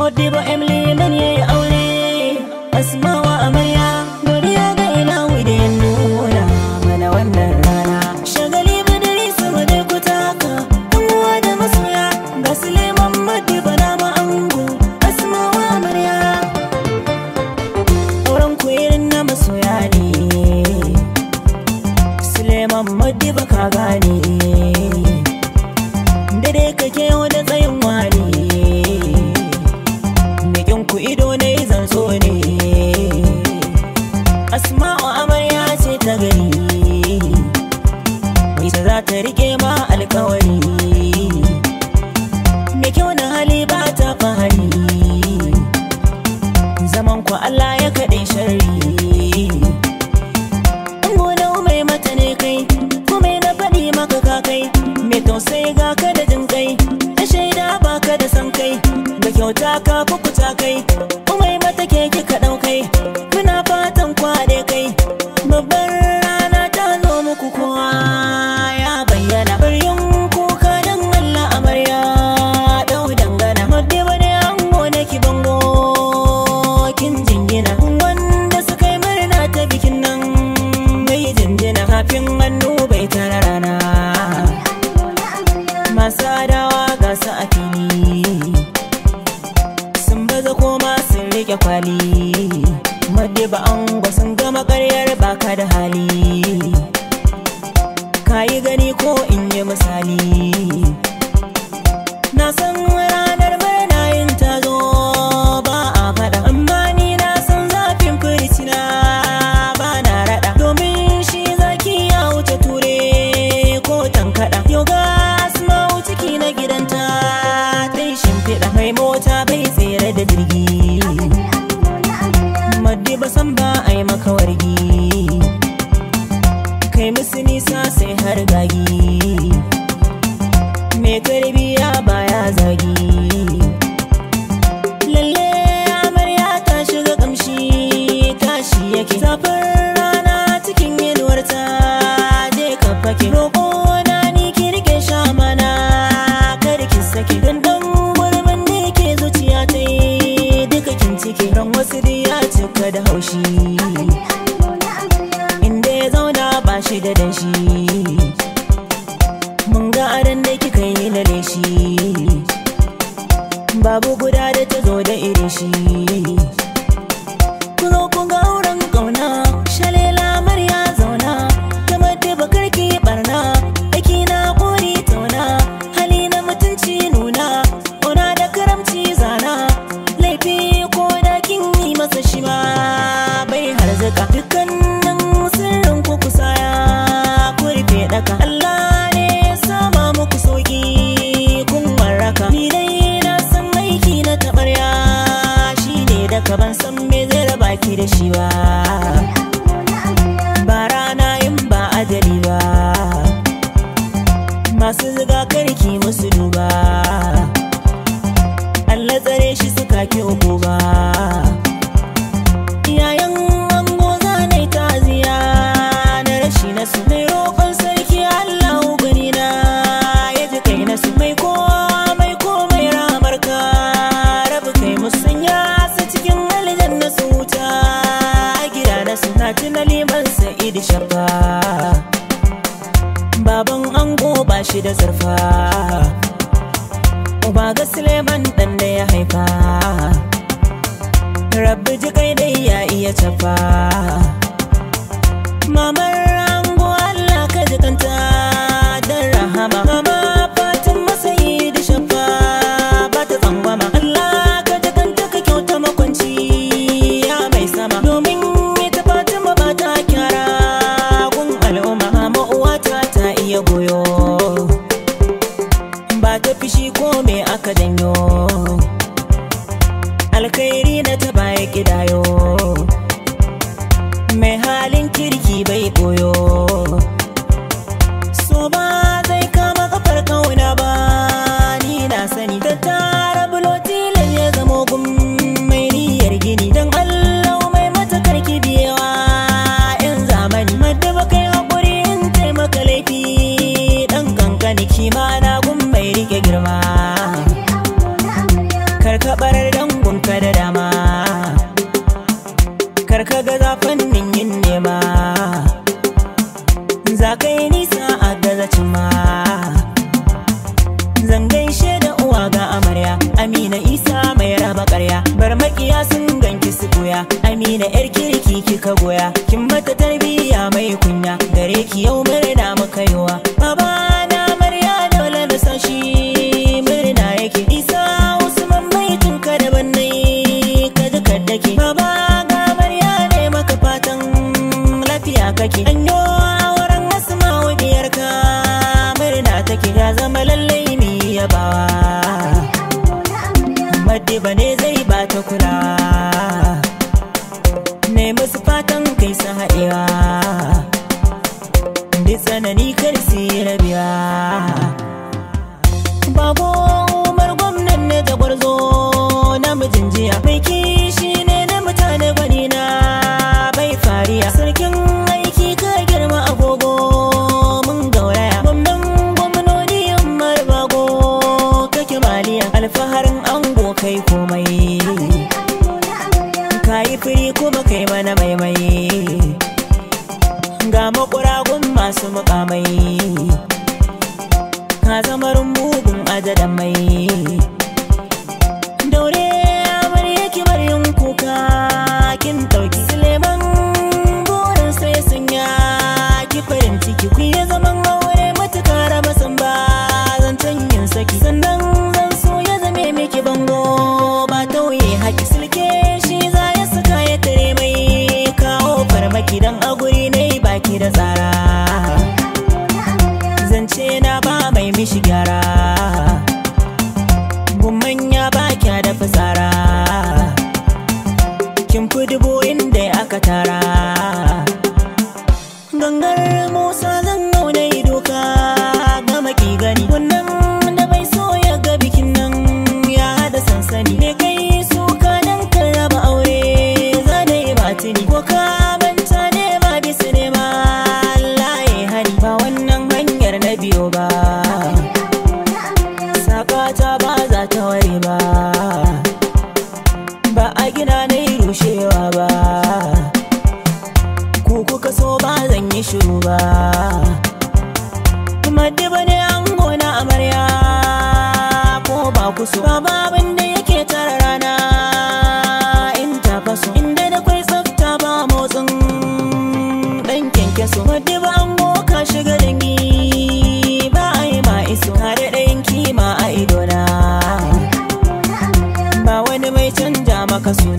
một đi bộ em liền đến kyauta ka ta kai kuma mata ke ka ɗaukai sauke kwali madde ba an sun gama karyar baka da hali kayi gani ko in yi misali ya cika da haushi inda ya zauna ba shi da danshi mun ga aran da kika yi na leshi babu guda da ta zo da irin shi sarka dukkanin sirrin ku kusa ya rufe daka Allah ne sama muku sauki kun waraka ni dai na san aiki na tabarya shine daka ban san me zai raba ki da shi ba ba rana in ba ajali ba masu zuga karki musu duba Allah tsare shi suka ki uku ba asali ban sa'id shafa baban ango ba shi da zarfa uba ga suleiman dan da ya haifa rabbi ji kai dai ya iya cafa mamar kai nisa a gaza cima Zangai gaishe da uwa ga amarya amina isa mai raba ƙarya, bar makiya sun ganki su goya amina yar kirki kika goya yeah. zamar mugun da mai ba za ta ware ba ba a gina na yi rushewa ba ku kuka so ba zan yi shiru ba kuma ne an gona amarya ko ba ku so ba cause